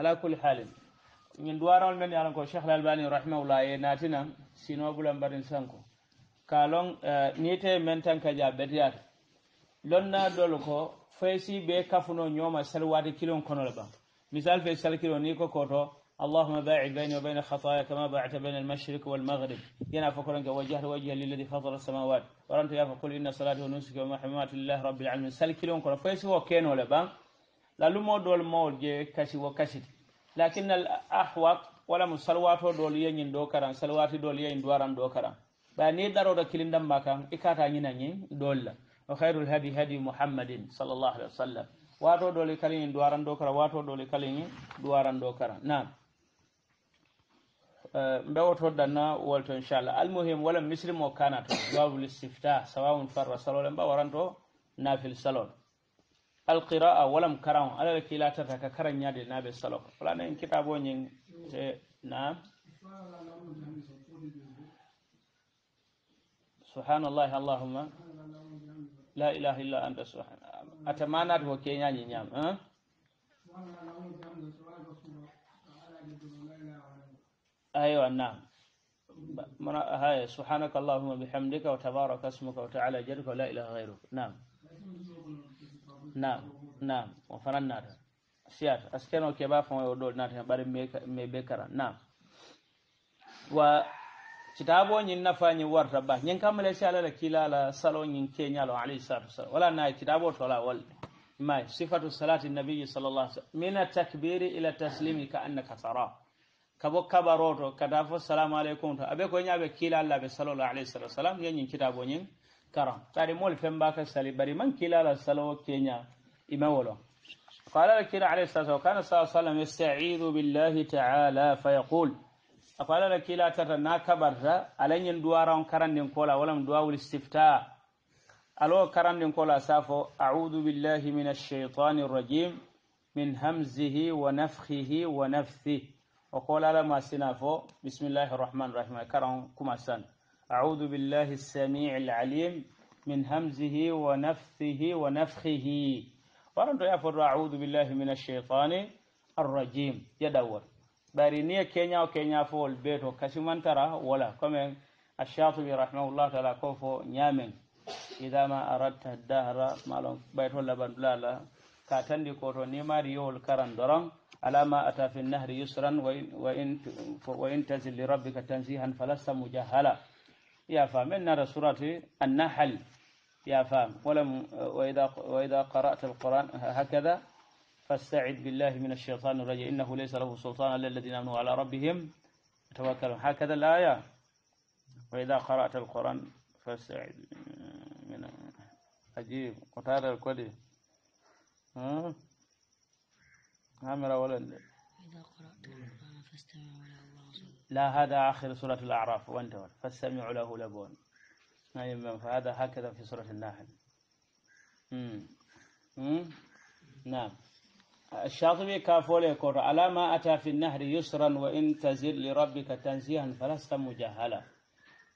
على كل حال من دوار من يعلم الشيخ الألباني رحمه الله إيه ناتنا سينو بلان بارن سانكو كالون آه، نيتي من تنكا جا بديات لنا دولكو فايسي بي كفنو نيوما سلوات كيلون كنو لبا مثال في سل كيلو نيكو كوتو اللهم باعد بيني وبين الخطايا كما باعت بين المشرك والمغرب ينا فكرنك وجهت وجه للذي فطر السماوات ورانت يا فقل ان صلاتي ونسك ومحمات الله رب العالمين سل كيلون كنو فايسي وكينو لبا lalumo dol mawol je kasi wo kasiti lakin al ahwat wala mu salwato dol yeñin do karan salwati dol yeñin duwaran do karan ba ni daro daroɗo kilindamma ikata i kata dol la wa khairul hadi hadi mouhammadin sallllahu alih wa sallam wato dole kaliñin duwaran do kara wato dole kaliñin duwaran do kara na mbe wotoddanna wolto inchallah almuhim wala muslimo mo kana to jawabul istifta sawawun farra salole mba waranto nafil salol alqiraa walam karaŋo alla le kiilatata ka karaŋ ñaade naa be salo ko wala naŋ kitaboo ñiŋ te naam subhanallahi allahumma la ilaha illa anta subhana ate manaade ko keñañi ñaam hein ايوه نعم هاي سبحانك اللهم وبحمدك وتبارك اسمك وتعالى جدك ولا اله غيرك نعم nam nam o fanan naata siyata askeno keɓa faŋo yo ɗol naata ɓari me be kara nam wa kitabo ñin nafa ñin warta ba ñin kammale si ala la kiila la salo ñin keñalo alayhi salatu wasalam wala naye kitabo tola walde maye sifatu salati nabiyi sallallah alih sallam min atakbiri ila taslimi ka annaka tara kabo kabaroto kata fo salamu aleykum to aɓe koye ñaɓe kiila allah ɓe salola alayhi salatu wasalam ye ñin kitabo ñin كرام تاري مول mol باك السالي باري من man kilala salawo إما ولو قال لك عليه الصلاة وكان صلى الله عليه وسلم يستعيذ بالله تعالى فيقول أقول لك لا ترى ناكبر ألن يندوارا كرن ينقولا ولم دواو الاستفتاء ألو كران ينقولا سافو أعوذ بالله من الشيطان الرجيم من همزه ونفخه ونفثه وقول لما سنافو بسم الله الرحمن الرحيم كرن كما سنه أعوذ بالله السميع العليم من همزه ونفثه ونفخه وأنا أقول أعوذ بالله من الشيطان الرجيم يدور بارينيا كينيا وكينيا فول بيتو كسيمان ترى ولا كما الشاطبي رحمه الله تعالى كوفو نيامن إذا ما أردت الدهر ما لون بيت ولا بلا لا كاتن دي كوتو نيماري يول كران دران على ما أتى في النهر يسرا وإن وإن تزل لربك تنزيها فلست مجهلا يا فهم إن على سورة النحل يا فهم ولم وإذا وإذا قرأت القرآن هكذا فاستعد بالله من الشيطان الرجيم إنه ليس له سلطان إلا الذين آمنوا على ربهم توكلوا هكذا الآية وإذا قرأت القرآن فاستعد من عجيب قتال الكلي ها عمر ولا إذا قرأت القرآن فاستمعوا له لا هذا آخر سورة الأعراف وانتهت فاستمعوا له لبون فهذا هكذا في سورة النحل نعم الشاطبي كافول يقول ألا ما أتى في النهر يسرا وإن تزل لربك تنزيها فلست مجهلا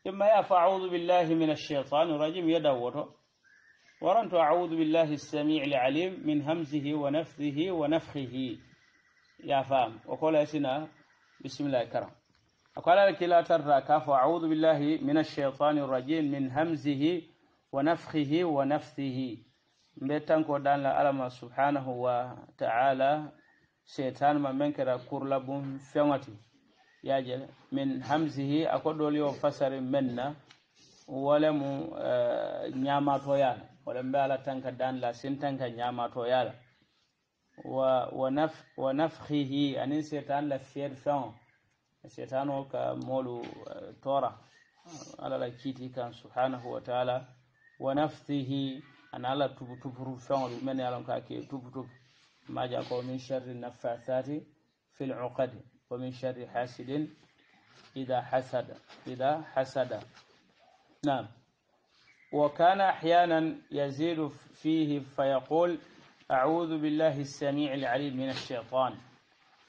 إما يا فأعوذ بالله من الشيطان الرجيم يدوره ورنت أعوذ بالله السميع العليم من همزه ونفذه ونفخه يا فام وقول يا سنا بسم الله الكرم أقول لك لا ترك فأعوذ بالله من الشيطان الرجيم من همزه ونفخه ونفثه بيتان كودان لألم سبحانه وتعالى شيطان ما منكر كرلب فيمتي ياجل من همزه أقول لي وفسر منا ولم آه، نعمة ويانا ولم بألا تنك دان لا سنتنك نعمة ويانا ونفخه أنين شيطان لفير فيمتي setano ka molu tora ala la kiti kan subhanahu wa taala wa nafsihi ana ala tubu tuburu feŋolu men ala ka ke tubu tubu maja ko min sharri nafathati fil uqad wa min sharri hasidin idha hasada idha hasada na'am wa kana نعم وكان أحيانا يزيد a'udhu billahi as-sami'il 'alim min ash-shaytan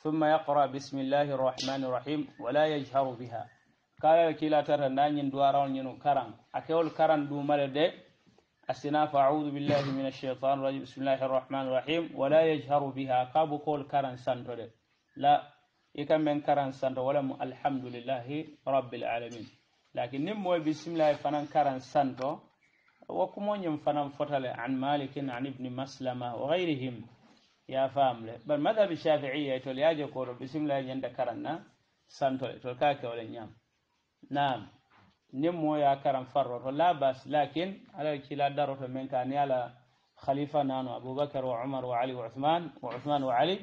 ثم يقرأ بسم الله الرحمن الرحيم ولا يجهر بها قال كلا ترى نانين دوارون ينو كران أكول كران دو ملد أسنا فأعوذ بالله من الشيطان الرجيم بسم الله الرحمن الرحيم ولا يجهر بها قاب قول كران سندر لا يكم من كران سندر ولم الحمد لله رب العالمين لكن نمو بسم الله فنان كران سندر وكمون ينفنان فتل عن مالك عن ابن مسلمة وغيرهم ya famle bar madhabi shafi'iyya to yaje ko bismillah yanda karanna santo to ka ke wala nyam nam nim mo ya karam farro to la bas lakin ala kila daro to men kan yala khalifa nanu abubakar wa umar wa ali wa uthman wa uthman wa ali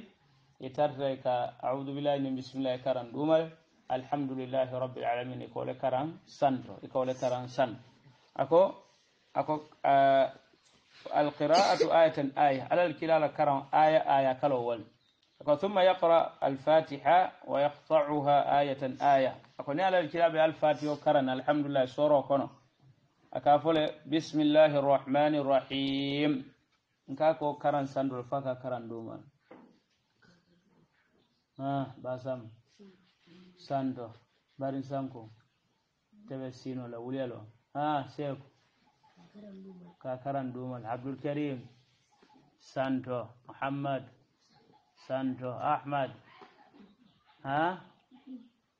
itarre ka a'udhu billahi min bismillah karan dumar alhamdulillah rabbil alamin ikole karan santo ikole karan san ako ako القراءة آية آية على الكلال كرم آية آية كالأول ثم يقرأ الفاتحة ويقطعها آية آية أقول على نعم، الكلاب الفاتحة كرن الحمد لله سورة كنا أكافل بسم الله الرحمن الرحيم نكاكو كرن سندر فاكا كرن دوما آه باسم سندر بارن سانكو تبسينو لوليلو آه سيكو كاكران karan عبد الكريم سانتو محمد سانتو احمد ها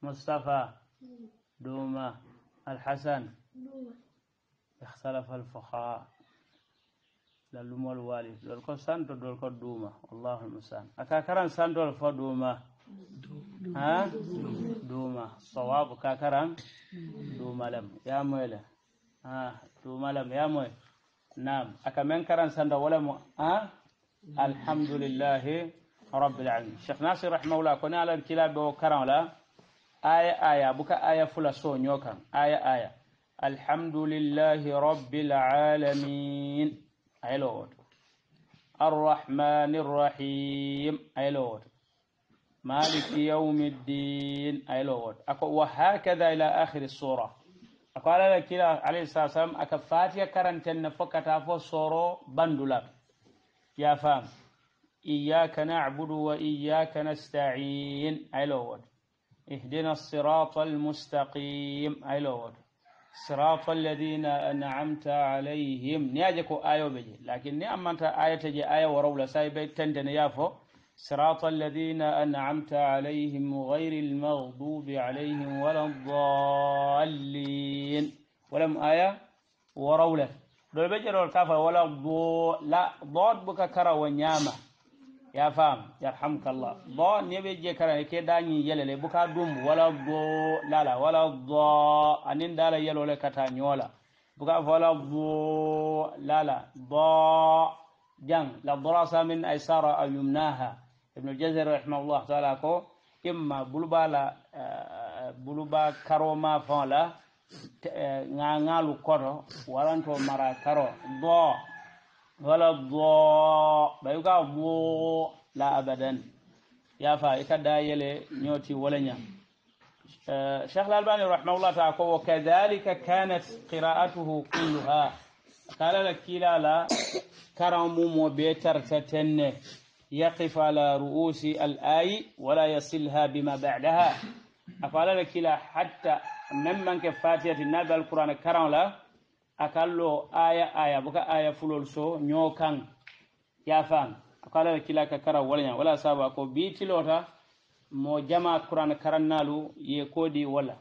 مصطفى دوما الحسن اختلف الفقهاء للمو الوالي دولكو سانتو دولكو دوما الله المستعان كاكران سانتو الفو دوما ها دوما صواب كاكران دوما لم يا مولاي tumalam yamoy nam aka men karan sanda wala mo a alhamdulillahi rabbil alamin cheikh nasir rahimahullah koni alal kilaɓe o karan la aya aya buka aya fula soño kan aya aya alhamdulillahi rabbil alamin ayelo woto arrahmani rrahim ayelo woto maliki yaumi ddin ayelo woto ako wa hakada ila akhiri sura ako ala la kila alayhi salat salam aka fatiya karanten ne fo kata fo soro bandula ya fam iyyaka na'budu wa iyyaka nasta'in ay lowod اهدنا الصراط المستقيم اي لوود صراط الذين انعمت عليهم نياجكو ايو بيجي لكن ني امانتا ايه تجي ايه ورولة سايبي تندن يافو صراط الذين أنعمت عليهم غير المغضوب عليهم ولا الضالين ولم آية ورولة لو بجر الكافة ولا ضو لا ضاد بك كرا ونيامة يا فام يرحمك الله ضاد نبي كرا كي داني يلل بكا دوم ولا ضو لا لا ولا ضو أنين دالا يلو لكتا نيولا بك ولا ضو لا لا ضو جن لا ضراسة من أيسارة أو يمناها ibn aljazer rahimahullah taala ko imma buluba la buluba karo ma fon la ŋaŋalu koto waranto mara karo do wala do bayu ka bo la abadan yafa i ka da yele ñooti wala ñam شيخ الألباني رحمه الله تعالى وكذلك كانت قراءته كلها قال لك كلا لا كرم وبيتر تتنه يقف على رؤوس الآي ولا يصلها بما بعدها أفعل لك لكلا حتى نمان كفاتية النبى القرآن الكرام لا أكلو آية آية بكا آية فلول سو نيو كان يا فان لك لكلا كرا ولا ولا سابا كو بيتي لوتا مو جمع القرآن الكرام نالو يكودي ولا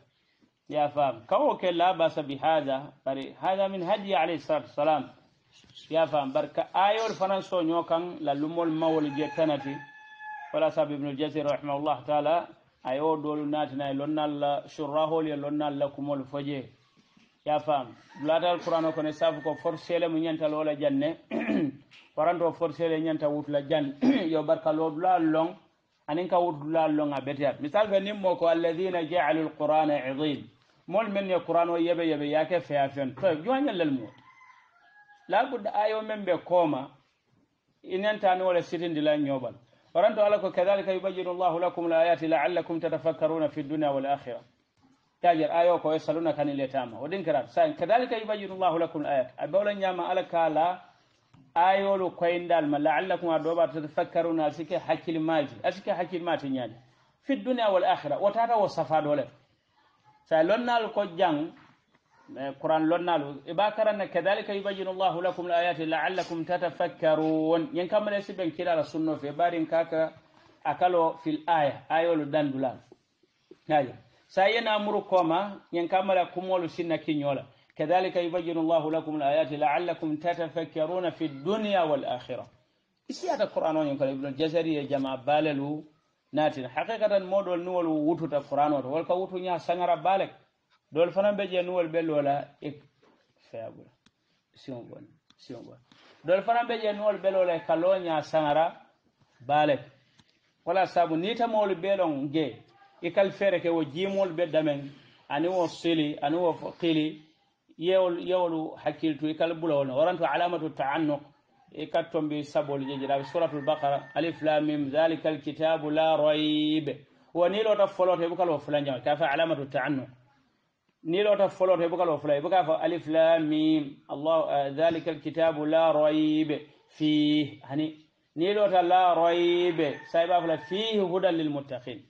يا فان كو لا بأس بهذا هذا من هدي عليه الصلاة والسلام ya yafam barka ayol fanan soño kan lallumol mawol je tanati wala sabi al-jazir rahimahullah taala ayo dolu nati natina la shurraho surrahol ye la kumol foje yafam dulatal qur'an ko ne safu ko forcele mu ñantal wala janne waranto forcele wut la jan yo barka lo la long anin ka wut la long a misal fe nim moko alladhina ja'alul qur'ana 'idhin mol men ye qur'an o yebe yebe yake feya fen to joñal lal mut labudda ayo membe koma kooma inentani wala sitin dilan nyobal waranto alako kadhalika kadalika yubayinu lakum l ayati laallakum tatafakkaruna fi dunya wal akhirah tajir ayo ko yasaluna kani letama o kara sa kadhalika yubayinu llahu lakum ayat a nyama ñama ala kala ayolu koyndal ma laallakum a doɓa tatafakkaruna a hakil maji asike hakil hakkilmati ñaadi fi dunya wal akhirah o wasafa dole safaɗole sa lonnal ko jang قرآن لنا له إباكرا كذلك يبين الله لكم الآيات لعلكم تتفكرون ينكم من يسبن كلا السنة في بارين كاكا اكلو في الآية آية لدن دولان هاي ساينا أمركما ينكم لكم ولسنا كنيولا كذلك يبين الله لكم الآيات لعلكم تتفكرون في الدنيا والآخرة إيش هذا القرآن ينكم ابن الجزري يا جماعة باللو ناتن حقيقة مودول نول ووتو القرآن والكوتو يا سنغرا بالك dol fana be je nuwol be lola e feyabula siwo bon siwo bon dol fana be je nuwol be lola e kalo nya sangara bale wala sabu ni ta mol be lon ge e kal fere ke wo jimol be damen ani wo sili ani wo qili yewol yewolu hakkiltu e kal bulawol no waranto alamatu ta'annuq e katton be sabol je jirabe suratul baqara alif lam mim dhalika alkitabu la rayb wani lota folote bukalo fulanjama kafa alamatu ta'annuq نيلوتا فولوتا يبقى لو فلا يبقى ألف لام ميم الله آه، ذلك الكتاب لا ريب فيه هني نيلوتا لا ريب سايبا فلا فيه هدى للمتقين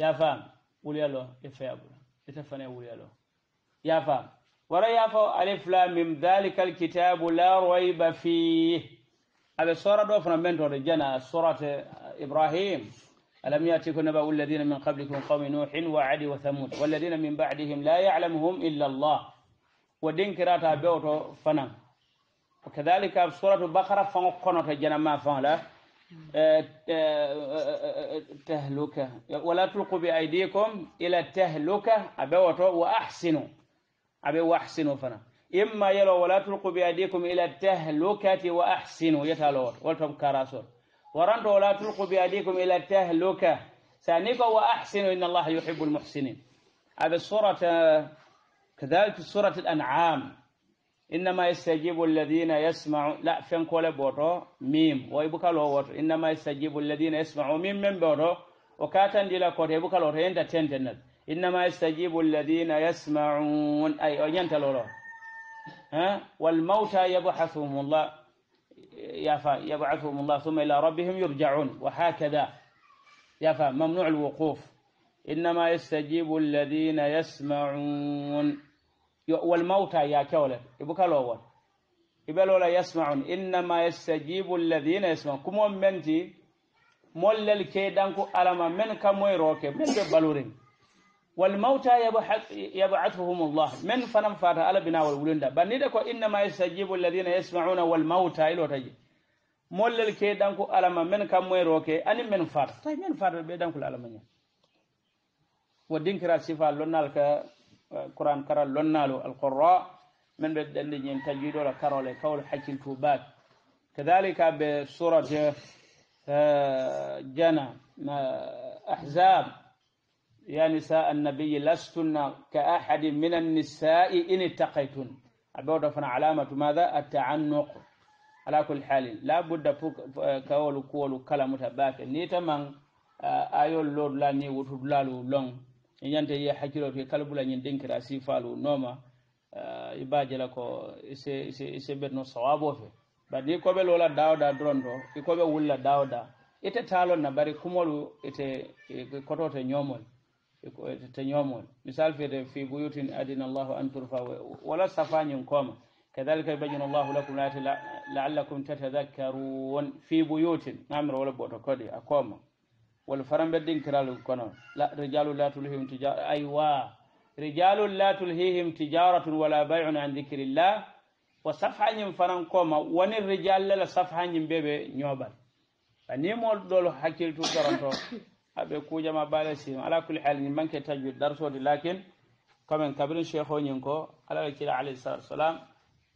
يا فام ولي الله يفيا بولا يتفنى ولي الله يا فام ولا يفا ألف لام ميم ذلك الكتاب لا ريب فيه على سورة دوفنا من جنا سورة إبراهيم ألم يأتكم نبأ الذين من قبلكم قوم نوح وعاد وثمود والذين من بعدهم لا يعلمهم إلا الله ودين كراتا بيوتو فنا وكذلك سورة بقرة فنقنة جنما فعلا أه، أه، أه، تهلكة ولا تلقوا بأيديكم إلى التهلكة أبوتو وأحسنوا أبي وأحسنوا فنا إما يلو ولا تلقوا بأيديكم إلى تهلكة وأحسنوا يتالور ولتم رسول waranto wala تلقوا بأيديكم إلى التهلكة tahluka ثانيك وأحسنوا إن الله يحب المحسنين هذا الصورة كذلك سورة الأنعام إنما يستجيب الذين يسمعون لا فين كل بوتو ميم ويبقى لور إنما يستجيب الذين يسمعون ميم من بوتو وكاتن دي لكور يبقى لور إنما يستجيب الذين يسمعون أي ينتا لوتو ها والموتى يبحثهم الله يبعثهم الله ثم إلى ربهم يرجعون وهكذا يفا ممنوع الوقوف إنما يستجيب الذين يسمعون والموتى يا كولا يبقى الأول يبقى الأول يسمعون إنما يستجيب الذين يسمعون كم من تي كيدانكو الكيدانكو ألما من كموي روكي من بلورين والموتى يبعثهم الله من فنم فاتا على بنا والولندا بنيدك كو انما يستجيب الذين يسمعون والموتى الى تجي مولل كي دانكو علما من كم ويروكي اني من فات طيب من فات بي دانكو علما ودينكرا صفه لونالك قران كرا لونالو القراء من بدل نين تجيد ولا كرول كول حكي الكوبات كذلك بسوره آه، جنا آه، احزاب يا نساء النبي لستن كأحد من النساء إن اتقيتن أبدا فنا علامة ماذا التعنق على كل حال لا بد فوق كول كول كلام تباك نيتا من ayol lor la ni wutu lalu long nyante ye hakiro ke kalbula nyin denkira sifalu noma ibaje ko ise ise ise betno ko be lola dawda drondo ko bari kumolu ite kotote nyomol تنيومون مثال في في بيوت أذن الله أن ترفع ولا سفان كوما كذلك يبين الله لكم لا لعلكم تتذكرون في بيوت نعمر ولا بوتوكودي أكوما والفرم بدين كرال كونون لا رجال لا تلهم تجارة أيوا رجال لا تلهيهم تجارة ولا بيع عن ذكر الله وصفحة فرن كوما وان الرجال لا صفحة بيبي نيوبل أنيمول دول حكيل كرانتو aɓe kujama bale sim ala kulli hal ni manke tajwid darsode lakin commen kabirin cheikh o ñin ko alaɓe kila alayhi salatu wasalam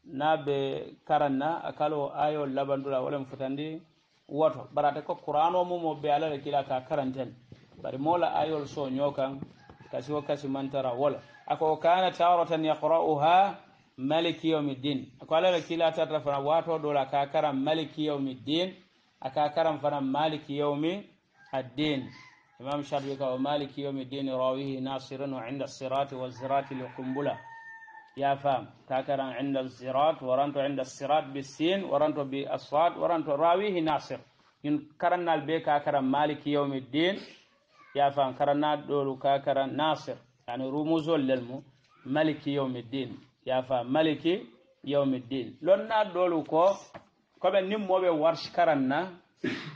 na be karanna akalo ayo ayol labandura walam futandi woto barata ko qouran o mo o ɓe alaɓe kila ka karanten bari mola ayo so ño kasi o kasi mantara wala ako kana taratan yaqra'uha malik yawmiddin ako alaɓe kila tarta fana wato ɗola ka karam malik yawmiddin aka karam fara malik yawmi ad-din إمام شرجك ومالك يوم الدين راويه ناصر وعند الصراط والزراط لقنبلة يا فام تاكرا عند الزراط ورانتو عند الصراط بالسين ورانتو بالصاد ورانتو راويه ناصر إن كرنا البيك كرا مالك يوم الدين يا فام كرنا دول كرا ناصر يعني رموز للم مالك يوم الدين يا فام مالك يوم الدين لنا دول كو كما نمو بورش كرنا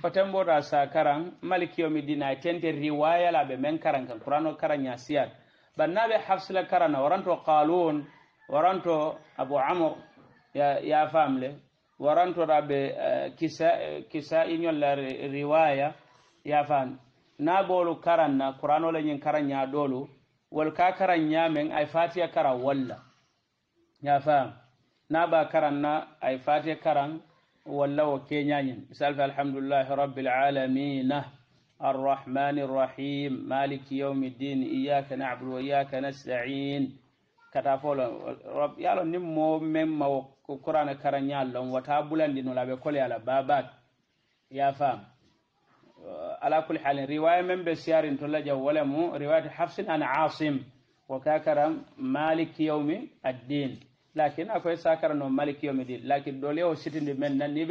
paten bora sa karan malikiyomi dina tente riwaya la be men karan kan kurano karan ya siyat banna be hafsila karan waranto qalun waranto abu amr ya ya famle waranto da be eh, kisa kisa inyol la riwaya ya fam na bolu karan na kurano la nyin karan ya dolu wal ka karan ya men ay fatiya karan walla ya fam na ba karan na ay fatiya karan ولا وكينيان مثال الحمد لله رب العالمين الرحمن الرحيم مالك يوم الدين إياك نعبد وإياك نستعين كتافول رب يالو نمو مما قرآن كرنيال لهم وتابولان دينو لابي كولي على باباك يا فام على كل حال رواية من بسيار تلجا ولمو رواية حفص عن عاصم وكاكرم مالك يوم الدين lakin akwai e sakar no maliki midi lakin dole o sitindi men nan ni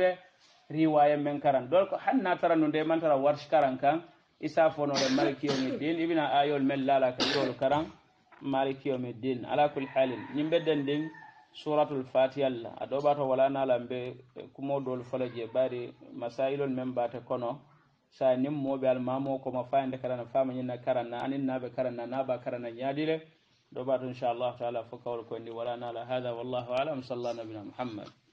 riwaya men karan ko hanna tara no de man tara warsh karan kan isa de maliki midi ibina ayol men lala ka yol karan maliki midi ala kul halin ñim den suratul fatiha la aɗo ɓato wala nalan ta kumodol folo je ɓari masailol men bata kono sa nim moɓe almamo ma fayande karana fama ñinna na anin naɓe karana دوبات إن شاء الله تعالى فكوركني ولا نال هذا والله أعلم صلى الله نبينا محمد